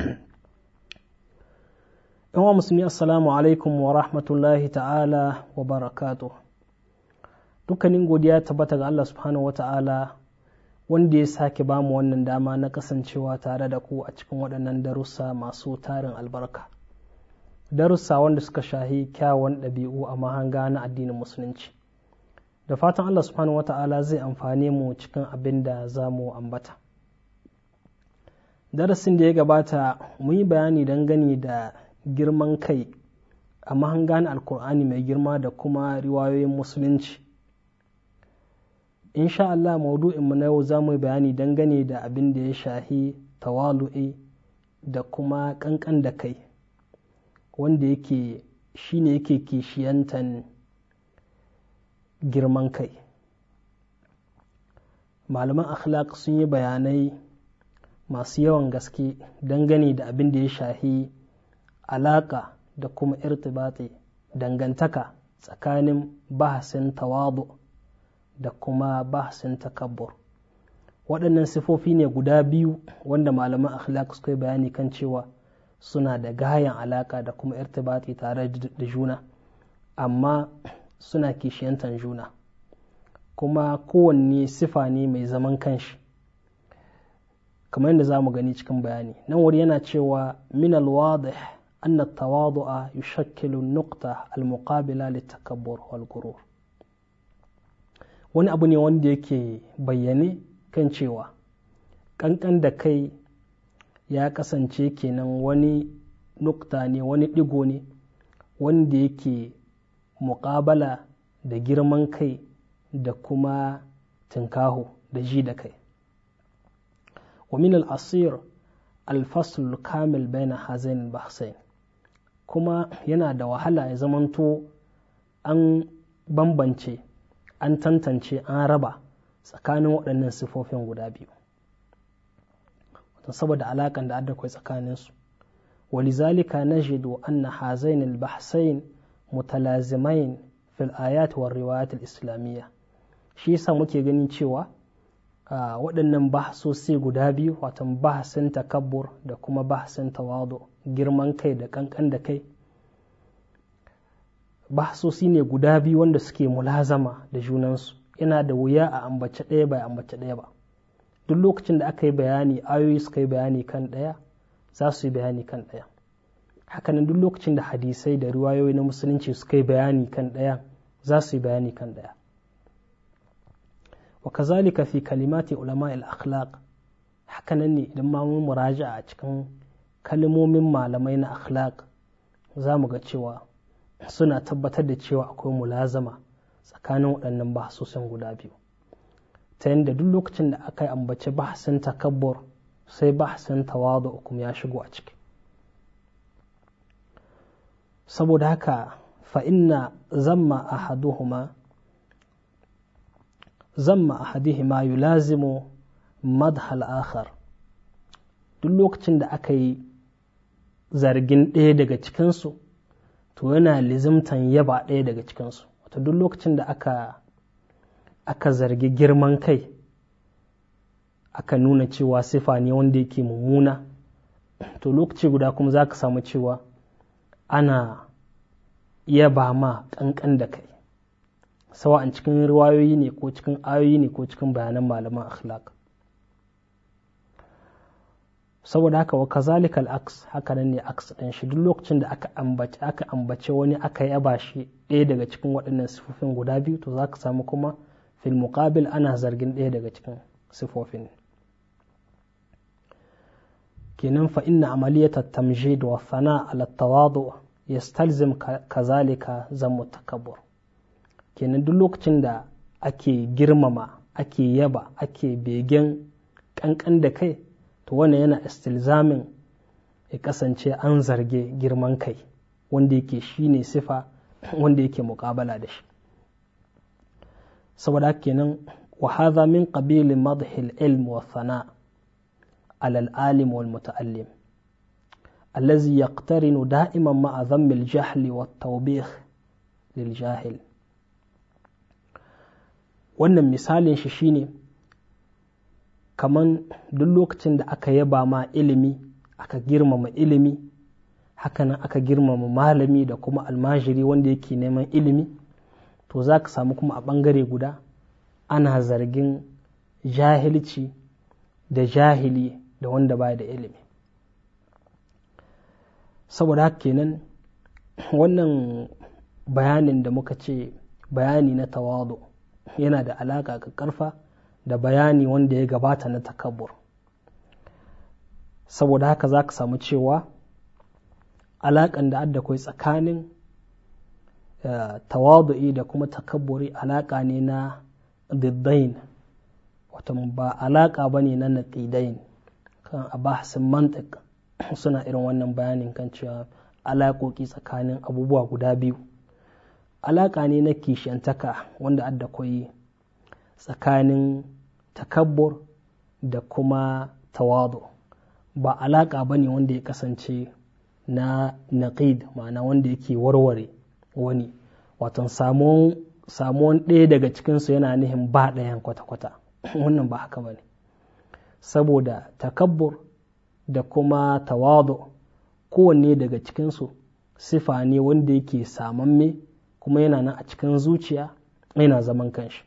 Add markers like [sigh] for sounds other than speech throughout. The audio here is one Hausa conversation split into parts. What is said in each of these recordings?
[clears throat] wa musulmi assalamu alaikum wa rahmatullahi ta'ala wa barakatu dukkanin godiya tabbata ga Allah subhanahu wa ta'ala wanda ya sake bamu wannan dama na kasancewa tare da ku a cikin waɗannan darussa masu tarin albarka darussa wanda suka shahi kyawun ɗabi'u a mahanga na addinin musulunci da fatan Allah subhanahu wa ta'ala zai amfani mu cikin abin da za mu ambata darasin da ya gabata mun yi bayani dangane da girman kai a mahangan alkur'ani mai girma da kuma riwayoyin musulunci insha Allah mu na yau za mu yi bayani dangane da abin da ya shahi tawalu'i da kuma kankan da kai wanda yake shine yake kishiyantan girman kai malaman akhlaq sun yi bayanai masu yawan gaske dangane da abin da ya shahi alaƙa da kuma irtibati dangantaka tsakanin bahasin tawadu da kuma bahasin takabbur waɗannan sifofi ne guda biyu wanda malaman akhlaq suka yi bayani kan cewa suna da gayan alaƙa da kuma irtibati tare da juna amma suna kishiyantan juna kuma kowanne sifa ne mai zaman kanshi kamar yadda za mu gani cikin bayani nan wuri yana cewa min alwadih anna tawadu'a yushakkilu nukta almuqabila litakabbur wal gurur wani abu ne wanda yake bayyane kan cewa kankan da kai ya kasance kenan wani nukta ne wani digo ne wanda yake muƙabala da girman kai da kuma tinkaho da ji da kai ومن الأصير الفصل kamil baina هذين البحثين kuma yana da wahala ya zamanto an bambance an tantance an raba tsakanin waɗannan sifofin guda biyu saboda alaƙan da adakwai tsakaninsu zalika najidu anna hazain al-bahsain mutalazimain fil ayat war riwayat al-islamiyya shi yasa muke ganin cewa Ah, waɗannan bahsosi guda biyu watan bahasin takabbur da kuma bahasin tawadu girman kai da kankan da kai bahsosi ne guda biyu wanda suke mulazama da junansu yana da wuya a ambace ɗaya bai ambace ɗaya ba duk lokacin da aka yi bayani ayoyi suka yi bayani kan ɗaya za su yi bayani kan ɗaya hakanan duk lokacin da hadisai da ruwayoyi na musulunci suka yi bayani kan ɗaya za su yi bayani kan ɗaya wa fi kalimati ulama al-akhlaq hakanan ne idan ma mun muraja a cikin kalmomin malamai na akhlaq za mu ga cewa suna tabbatar da cewa akwai mulazama tsakanin waɗannan bahasosin guda biyu ta yadda duk lokacin da aka yi ambaci bahasin takabbur sai bahasin tawadu hukum ya shigo a ciki saboda haka fa inna zamma ahaduhuma Zan zamma yi lazimu madhal akhar duk lokacin da aka yi zargin ɗaya daga cikinsu to yana lizimtan yaba ɗaya daga cikinsu wato duk lokacin da aka aka zargi girman kai aka nuna cewa sifa ne wanda yake mummuna to lokaci guda kuma za ka samu cewa ana yaba ma ƙanƙan da kai Sawa sawa'an cikin riwayoyi ne ko cikin ayoyi ne ko cikin bayanan malaman akhlaq saboda haka wa kazalikal aks haka nan ne aks din shi duk lokacin da aka ambace aka ambace wani aka yaba shi ɗaya daga cikin waɗannan sifofin guda biyu to zaka samu kuma fil muqabil ana zargin ɗaya daga cikin sifofin kenan fa inna amaliyata tamjid wa fana ala tawadu yastalzim kazalika zamu takabbur kenan duk lokacin da ake girmama ake yaba ake begen ƙanƙan da kai to wannan yana istilzamin ya kasance an zarge girman kai wanda yake shi ne sifa [clears throat] wanda yake muƙabala da shi saboda kenan wa hadha min qabili madhil ilm wa thana ala al-alim wal muta'allim الذي يقترن دائما مع ذم الجهل والتوبيخ للجاهل wannan misalin shi shine kaman duk lokacin da aka yaba ma ilimi aka girmama ilimi hakanan aka girmama malami da kuma almajiri wanda yake neman ilimi to za ka samu kuma a ɓangare guda ana zargin jahilci da jahili da wanda ba da ilimi saboda haka kenan wannan bayanin da muka ce bayani na tawadu yana da alaƙa ga ƙarfa da bayani wanda ya gabata na takabur saboda haka za ka samu cewa alaƙan da adda kai tsakanin eh, tawadu'i da kuma takabburi alaƙa ne na diddain wato ba alaƙa ba ne na naƙidain kan abahasin mantik suna irin wannan bayanin kan cewa alaƙoƙi tsakanin abubuwa guda biyu alaƙa ne na kishiyantaka wanda adda koyi tsakanin takabbur da kuma tawadu ba alaƙa ba ne wanda ya kasance na naqid ma'ana wanda yake warware wani waton samuwan ɗaya daga cikinsu yana nihin ba ɗayan kwata-kwata [clears throat] wannan ba haka ba ne saboda takabbur da kuma tawadu kowanne daga cikinsu sifa ne wanda yake samamme kuma yana nan a cikin zuciya yana zaman kanshi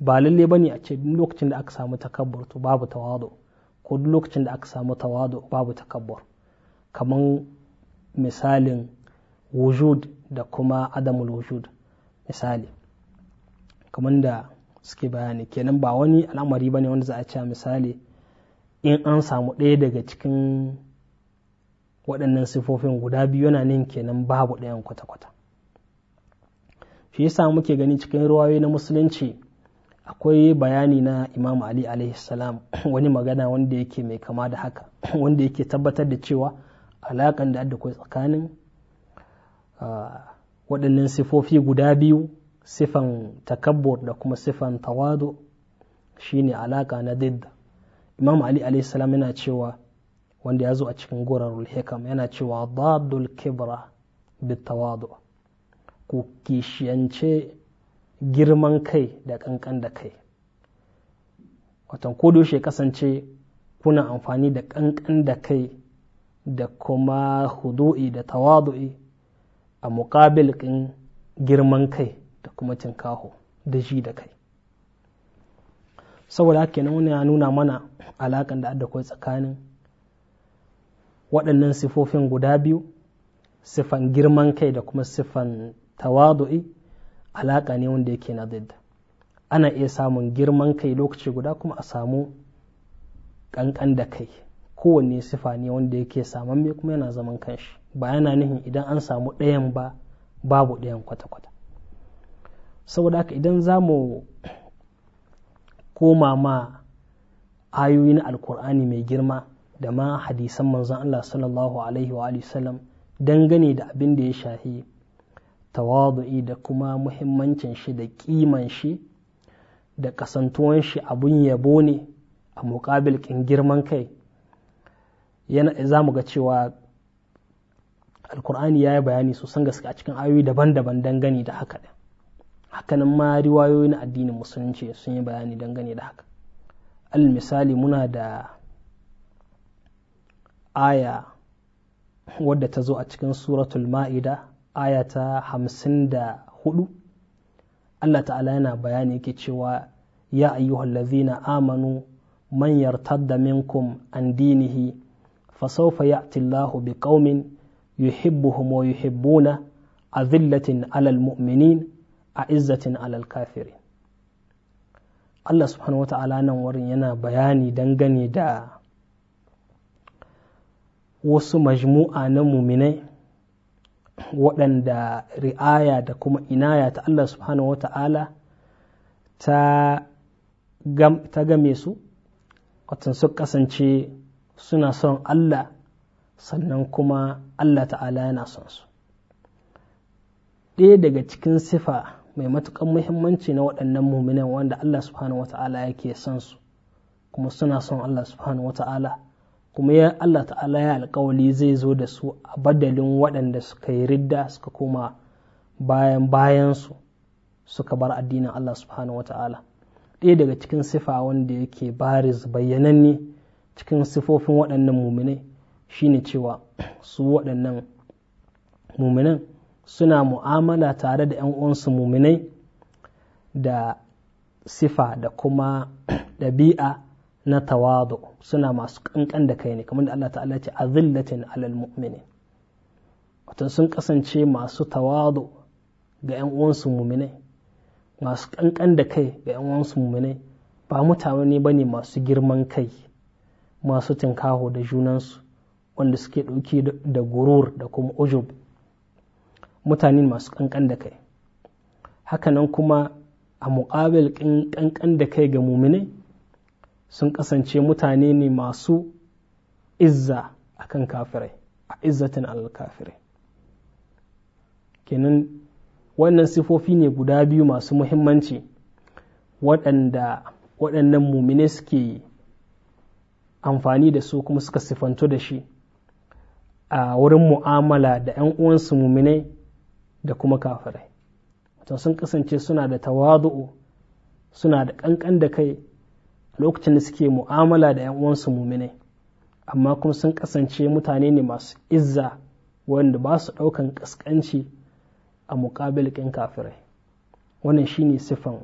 ba lalle bane a ce duk lokacin da aka samu takabbur to babu tawadu ko duk lokacin da aka samu tawadu babu takabbur kaman misalin wujud da kuma adamul wujud misali kaman da suke bayani kenan ba wani al'amari bane wanda za a ce misali in an samu ɗaya daga cikin waɗannan sifofin guda biyu yana nin kenan babu ɗayan kwata-kwata shi yasa muke gani cikin ruwayoyi na musulunci akwai bayani na imam ali alaihi [clears throat] wani magana wanda yake mai kama da haka [clears throat] wanda yake tabbatar da cewa alaƙan da adda kai tsakanin ah, waɗannan sifofi guda biyu sifan takabbur da kuma sifan tawadu shine alaƙa na didda imam ali alaihi yana cewa wanda ya zo a cikin gurarul hikam yana cewa dadul kibra tawadu' ku kishiyance girman kai da kankan da kai watan kodoshe kasance kuna amfani da kankan da kai da kuma hudu'i da tawadu'i a muƙabilin girman kai da kuma cinkaho da ji da kai saboda haka nan wani ya nuna mana alaƙan da addakwai tsakanin waɗannan sifofin guda biyu siffan girman kai da kuma siffan tawadu'i alaƙa ne wanda yake na didda ana iya samun girman kai lokaci guda kuma a samu ƙanƙan da kai kowanne sifa ne wanda yake mai kuma yana zaman kanshi ba yana nihin idan an samu ɗayan ba babu ɗayan kwata-kwata saboda haka idan za mu koma ma ayoyi na alkur'ani mai girma da ma hadisan manzon Allah sallallahu alaihi wa sallam dangane da abin da ya shafi tawadu'i da kuma muhimmancin shi da kiman shi da kasantuwan shi abun yabo ne a muƙabil kin girman kai yana za mu ga cewa alkur'ani ya yi bayani sosan gaske a cikin ayoyi daban-daban dangane da haka ɗin hakanan ma riwayoyi na addinin musulunci sun yi bayani dangane da haka al misali muna da aya wadda ta zo a cikin suratul ma'ida ayata hamsin da hudu Allah ta'ala yana bayani yake cewa ya ayyuhallazina amanu man yartadda minkum an dinihi fasawfa ya'ti Allahu biqaumin yuhibbuhum wa yuhibbuna azillatin alal mu'minin a'izzatin alal kafirin Allah subhanahu wata'ala nan wurin yana bayani dangane da wasu majmu'a na muminai waɗanda ri'aya da kuma inaya ta Allah subhanahu wa ta'ala ta game su watan su kasance suna son Allah sannan kuma Allah ta'ala yana son su ɗaya daga cikin sifa mai matuƙar muhimmanci na waɗannan muminan wanda Allah subhanahu wa ta'ala yake son su kuma suna son Allah subhanahu wa ta'ala kuma ya Allah ta'ala ya alkawali zai zo da su a badalin waɗanda suka yi ridda suka koma bayan bayansu suka bar addinin Allah subhanahu wa ta'ala ɗaya daga cikin sifa wanda yake baris bayyananne cikin sifofin waɗannan muminai shine cewa su waɗannan muminan suna mu'amala tare da 'yan uwansu muminai da sifa da kuma [clears throat] ɗabi'a na tawadu suna masu kankan da kai ne kamar da Allah ta'ala ce azillatin alal mu'minin wato sun kasance masu tawadu ga yan uwansu mu'minai masu kankan da kai ga yan uwansu mu'minai ba mutane bane masu girman kai masu tinkaho da junansu wanda suke ɗauki da gurur da kuma ujub mutane masu kankan da kai hakanan kuma a muqabil kankan da kai ga mu'minai sun kasance mutane ne masu izza akan kafirai a izzatin alkafirai kenan wannan sifofi ne guda biyu masu muhimmanci waɗanda waɗannan mumine suke amfani da su kuma suka sifanto da shi a wurin mu'amala da 'yan uwansu mumine da kuma kafirai wato sun kasance suna da tawadu'u suna da ƙanƙan da kai lokacin da suke mu'amala da 'yan uwansu muminai amma kuma sun kasance mutane ne masu izza wanda ba su ɗaukan ƙasƙanci a muƙabilin kafirai wannan shine siffan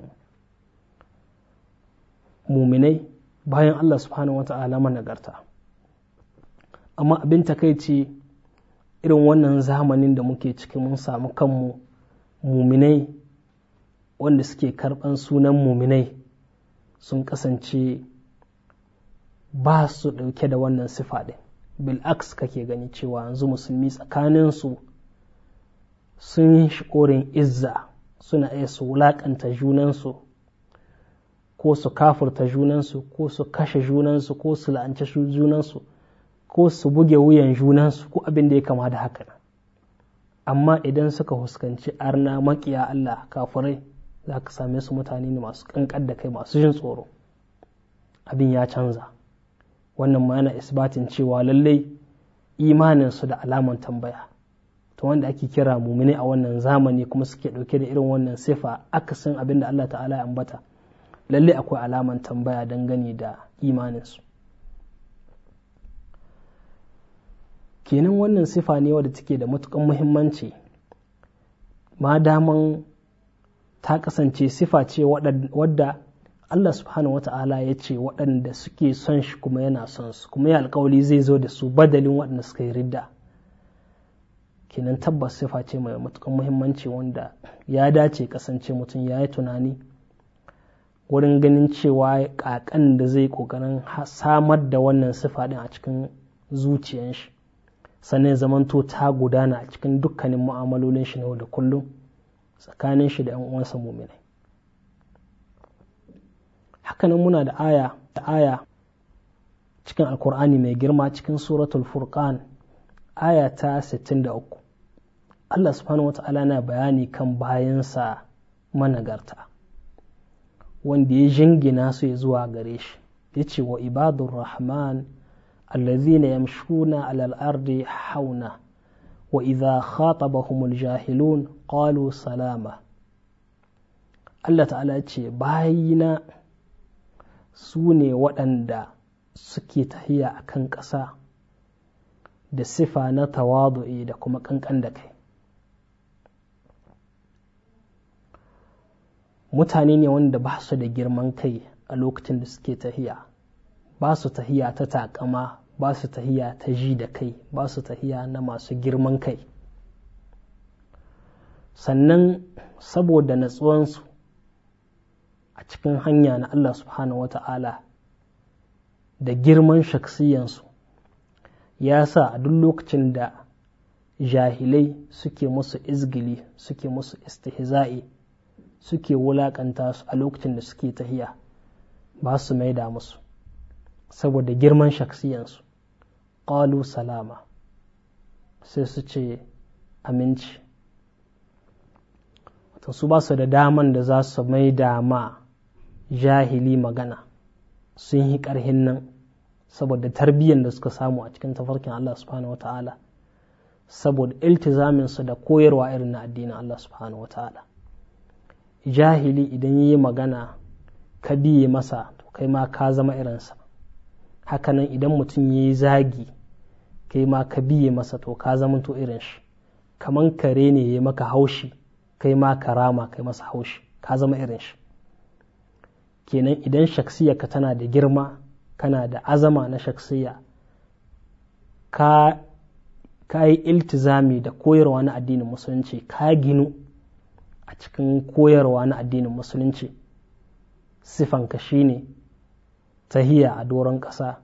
muminai bayan Allah subhanahu wata'ala nagarta amma abin takaici irin wannan zamanin da muke ciki mun samu kanmu muminai wanda suke karɓan sunan muminai sun kasance ba su ɗauke da wannan sifa ɗin bil'aks kake gani cewa yanzu musulmi tsakaninsu sun yi shikorin izza suna iya su wulaƙanta junansu ko su kafurta junansu ko su kashe junansu ko su la'anci junansu ko su buge wuyan junansu ko abin da ya kama da haka amma idan suka huskanci arna maƙiya Allah kafurai za ka same su mutane ne masu kankan da kai masu jin tsoro abin ya canza wannan ma yana isbatin cewa lallai imaninsu da alaman tambaya to wanda ake kira mumini a wannan zamani kuma suke ɗauke da irin wannan sifa akasin abin da Allah ta'ala ya ambata lallai akwai alaman tambaya dangane da imaninsu kenan wannan sifa ne wadda take da matukan muhimmanci ma daman ta kasance sifa ce wadda Allah subhanahu wa ta'ala ya ce waɗanda suke son shi kuma yana son su kuma ya alkawali zai zo da su badalin waɗanda suka yi ridda kenan tabbas sifa ce mai matukan muhimmanci wanda ya dace kasance mutum ya yi tunani wurin ganin cewa kakan da zai kokarin samar da wannan sifa din a cikin zuciyan shi sannan zamanto ta gudana a cikin dukkanin mu'amalolin shi na da kullum tsakanin shi da 'yan uwansa muminai hakanan muna da aya da aya cikin alkur'ani mai girma cikin suratul furqan aya ta 63 Allah subhanahu wata'ala na bayani kan bayansa managarta wanda ya jingina su ya zuwa gare shi ya ce wa ibadur rahman allazina yamshuna alal ardi hauna wa idha humul jahilun qalu salama Allah ta'ala ce bayina su ne waɗanda suke tahiya a kan ƙasa da sifa na tawadu'i da kuma ƙanƙan da kai mutane ne wanda ba su da girman kai a lokacin da suke tahiya ba su tahiya ta takama ba su tahiya ta ji da kai ba su tahiya na masu girman kai sannan saboda natsuwansu a cikin hanya na Allah subhanahu wa ta'ala da girman shaksiyansu ya sa a duk lokacin da jahilai suke musu izgili suke musu istihza'i suke wulaƙanta su a lokacin da suke tahiya ba su maida musu saboda girman shaksiyansu ƙalu salama sai su ce aminci wato su ba su da daman da za su mai dama jahili magana sun yi ƙarhin nan saboda tarbiyyar da suka samu a cikin tafarkin Allah subhanahu wa ta'ala saboda iltizaminsu da koyarwa irin na addinin Allah subhanahu wa ta'ala jahili idan yi magana ka biye masa to kai ma ka zama irinsa hakanan idan mutum ya yi zagi kai ma ka biye masa to ka zamanto irin shi kaman kare ne ya maka haushi kai ma ka rama kai masa haushi ka zama irin shi kenan idan ka tana da girma kana da azama na shaksiya ka ka yi iltizami da koyarwa na addinin musulunci ka ginu a cikin koyarwa na addinin musulunci sifanka shine tahiya a doron ƙasa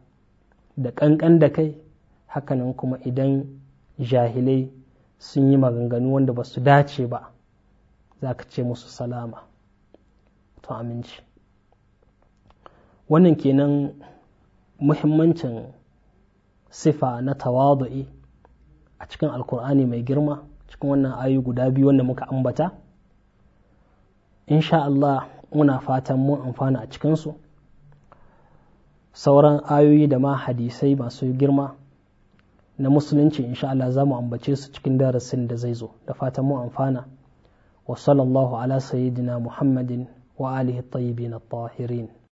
da ƙanƙan da kai hakanan kuma idan jahilai sun yi maganganu wanda ba su dace ba za ka ce musu salama to aminci wannan kenan muhimmancin sifa na tawadu'i a cikin alkur'ani mai girma cikin wannan ayu guda biyu wanda muka ambata insha Allah muna fatan mun amfana a cikinsu sauran ayoyi da ma hadisai masu girma na musulunci insha Allah za mu ambace su cikin darasin da zai zo da fatan mu amfana wa sallallahu ala sayyidina muhammadin wa alihi tayyibin at-tahirin